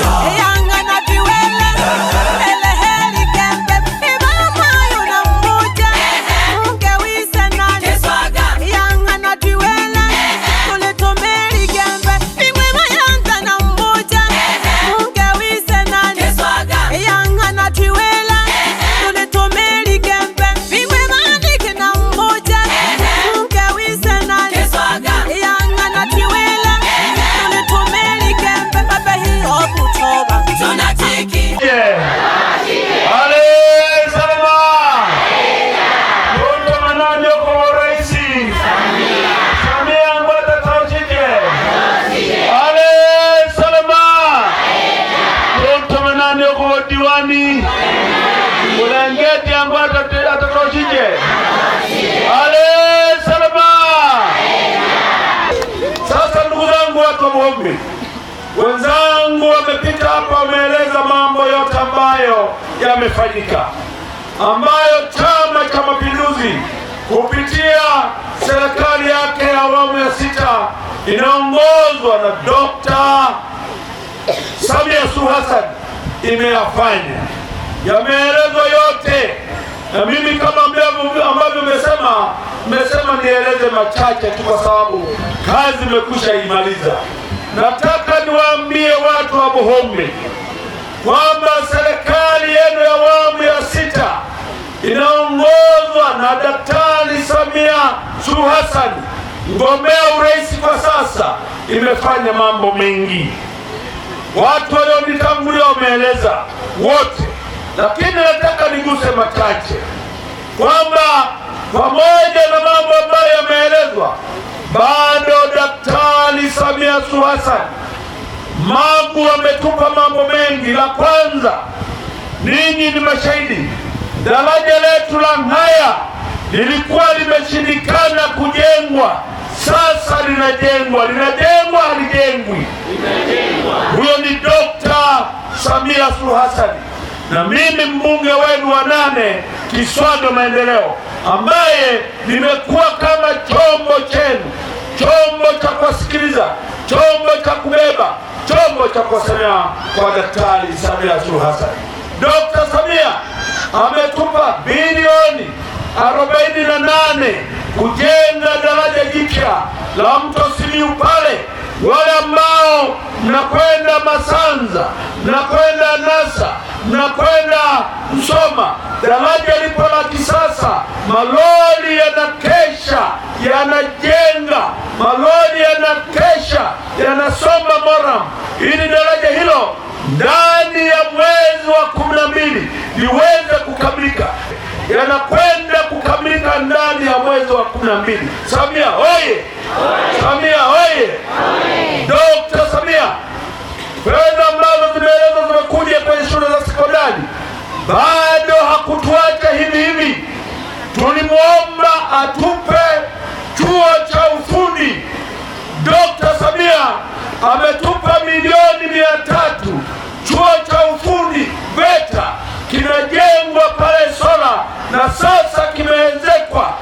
Hey, diwani, kuna ngeti ambayo atakaoshije ale salama. Sasa ndugu zangu, watu wa wenzangu, wamepita hapa, wameeleza mambo yote ambayo yamefanyika, ambayo Chama cha Mapinduzi kupitia serikali yake ya awamu ya sita inaongozwa na Dr. Samia Suluhu Hassan imeyafanya yameelezwa yote, na mimi kama ambavyo mmesema, mmesema nieleze machache tu, kwa sababu kazi imekwisha imaliza. Nataka niwaambie watu wa Buhumbi kwamba serikali yenu ya awamu ya sita inaongozwa na Daktari Samia Suluhu Hassan, mgombea urais kwa sasa, imefanya mambo mengi watu walionitangulia wameeleza wote, lakini nataka niguse machache kwamba pamoja na mambo ambayo yameelezwa, bado Daktari Samia Suluhu Hassan Magu ametupa mambo mengi. La kwanza, ninyi ni mashahidi, daraja letu la Ng'haya lilikuwa limeshindikana kujengwa sasa linajengwa, linajengwa halijengwi. Huyo ni Dokta Samia Suluhu Hassan na mimi mbunge wenu wa nane Kiswaga Maendeleo, ambaye nimekuwa kama chombo chenu, chombo cha kuwasikiliza, chombo cha kubeba, chombo cha kuwasemea kwa Daktari Samia Suluhu Hassan. Dokta Samia ametupa bilioni arobaini na nane kujenga daraja jipya la mto Simiyu pale. Wale ambao mnakwenda Masanza, mnakwenda Nasa, mnakwenda Msoma, daraja lipo la kisasa. Malori yanakesha yanajenga, malori yanakesha yanasoma moramu ili daraja hilo ndani ya mwezi wa kumi na mbili liweze kukamilika, yanakwenda kuna mbili Samia hoye! Samia oye Dr. Samia, fedha ambazo zimeelezwa zimekuja kwenye shule za sekondari bado hakutuacha hivi hivi. Tulimwomba atupe chuo cha ufundi. Dr. Samia ametupa milioni mia tatu. Chuo cha ufundi VETA kinajengwa pale Sola na sasa kimeezekwa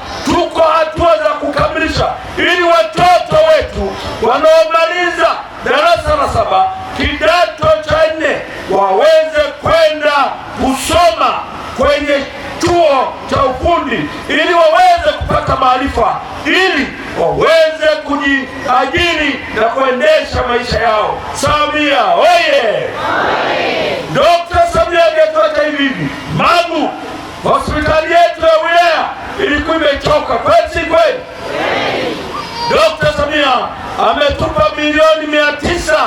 ili watoto wetu wanaomaliza darasa la saba kidato cha nne waweze kwenda kusoma kwenye chuo cha ufundi ili waweze kupata maarifa ili waweze kujiajiri na kuendesha maisha yao. Samia oye! Dokta Samia angetoka hivi hivi Magu, hospitali yetu ya wilaya ilikuwa imechoka kweli kweli. Dkt. Samia ametupa milioni mia tisa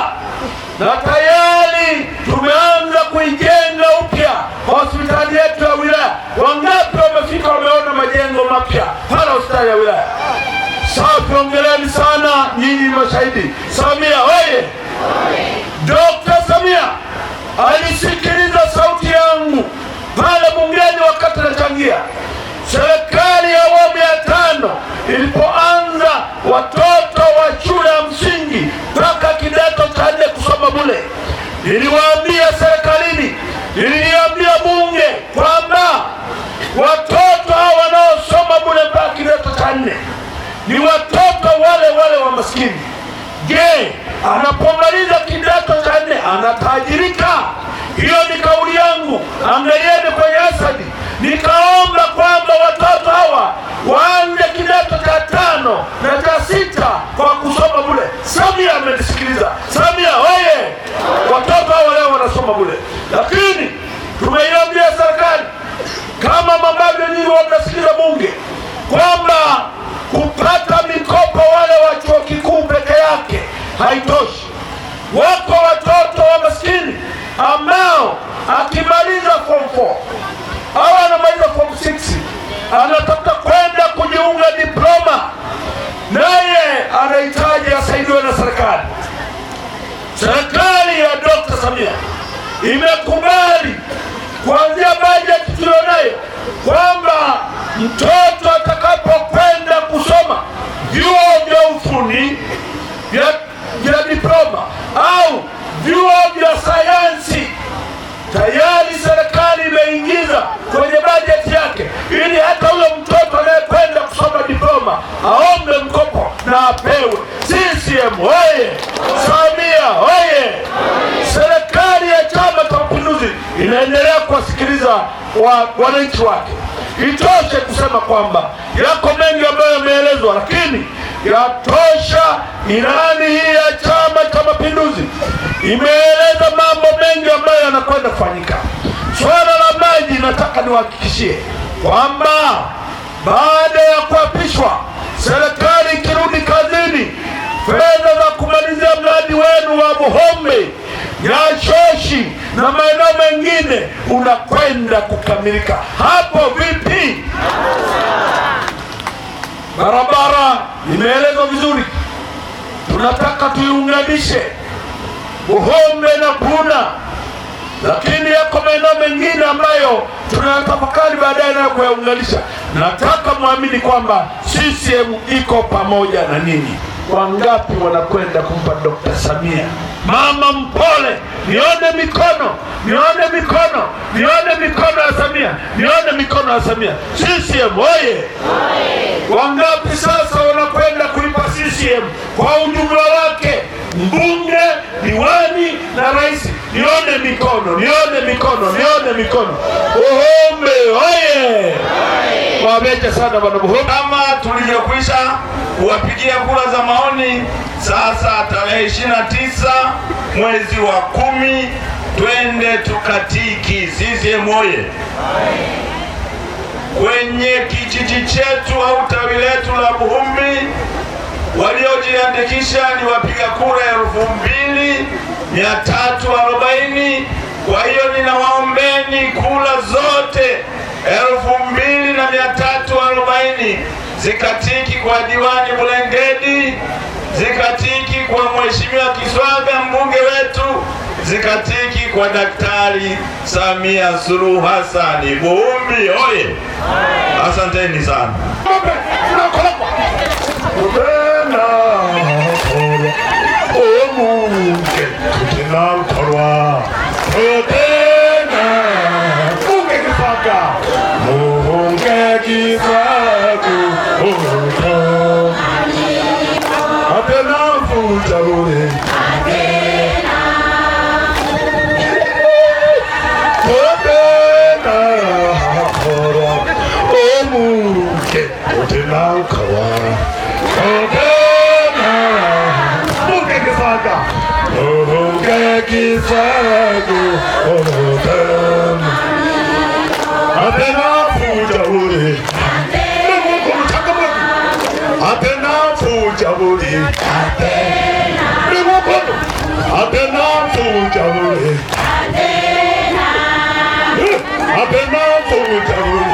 na tayari tumeanza kuijenga upya hospitali yetu ya wilaya. Wangapi wamefika wameona majengo mapya pale hospitali ya wilaya? Safi, ongeleni sana, nyinyi mashahidi. Samia oye! Dkt. Samia alisi Niliwaambia serikalini, niliambia bunge kwamba watoto hao wanaosoma bure mpaka kidato cha nne ni watoto wale wale wa maskini. Je, anapomaliza kidato cha nne anatajirika? Hiyo ni kauli yangu, angalieni kwenye asadi. Nikaomba kwamba watoto hawa waanze kidato cha tano na cha sita kwa kusoma bule. Samia amenisikiliza. Samia oye! Watoto hao leo wanasoma bule, lakini tumeiambia serikali kama ambavyo nyinyi wamnasikiza bunge kwamba kupata mikopo wale wa chuo kikuu peke yake haitoshi. Wako watoto wa maskini ambao akimaliza form 4 au anamaliza form 6 yanahitaji asaidiwe na serikali. Serikali ya Dr. Samia imekubali kuanzia bajeti tulionayo kwamba mtoto atakapo wewe. CCM oye! Samia oye! Serikali ya Chama cha Mapinduzi inaendelea kuwasikiliza wa wananchi wake. Itoshe kusema kwamba yako mengi ambayo yameelezwa, lakini yatosha. Ilani hii ya Chama cha Mapinduzi imeeleza mambo mengi ambayo yanakwenda kufanyika. Swala la maji, nataka niwahakikishie kwamba baada ya kuapishwa serikali nikirudi kazini, fedha za kumalizia mradi wenu wa Buhombe, shoshi na maeneo mengine unakwenda kukamilika. Hapo vipi? Barabara imeelezwa vizuri, tunataka tuiunganishe Buhombe na Puna, lakini yako maeneo mengine ambayo tunatafakari baadaye nayo kuyaunganisha. Nataka mwamini kwamba CCM iko pamoja na nini Wangapi wanakwenda kumpa Dr. Samia mama mpole? Nione mikono, nione mikono, nione mikono ya Samia, nione mikono ya Samia. CCM oye! Wangapi sasa wanakwenda kulipa CCM kwa ujumla? nione mikono, nione mikono, nione mikono. Uhombe oye! Wabeja sana bwana Buhombe. Kama tulivyokwisha kuwapigia kura za maoni, sasa tarehe tisa mwezi wa kumi twende tukatiki CCM oye! Kwenye kijiji chetu au tawi letu la Buhumbi waliojiandikisha ni wapiga kura elfu mbili mia tatu arobaini. Kwa hiyo ninawaombeni kula zote elfu mbili na mia tatu arobaini zikatiki kwa diwani Bulengedi, zikatiki kwa mheshimiwa Kiswaga mbunge wetu, zikatiki kwa Daktari Samia Suluhu Hasani. Buhumbi oye! Asanteni sana. 진남 걸어와 어때나 공개기사가 공개기사고 오고 아테나 부자로네 어때나 걸어 오무게 어때나 걸어 kifagu omutem apena fuja buri apena fuja buri apena fuja buri apena fuja buri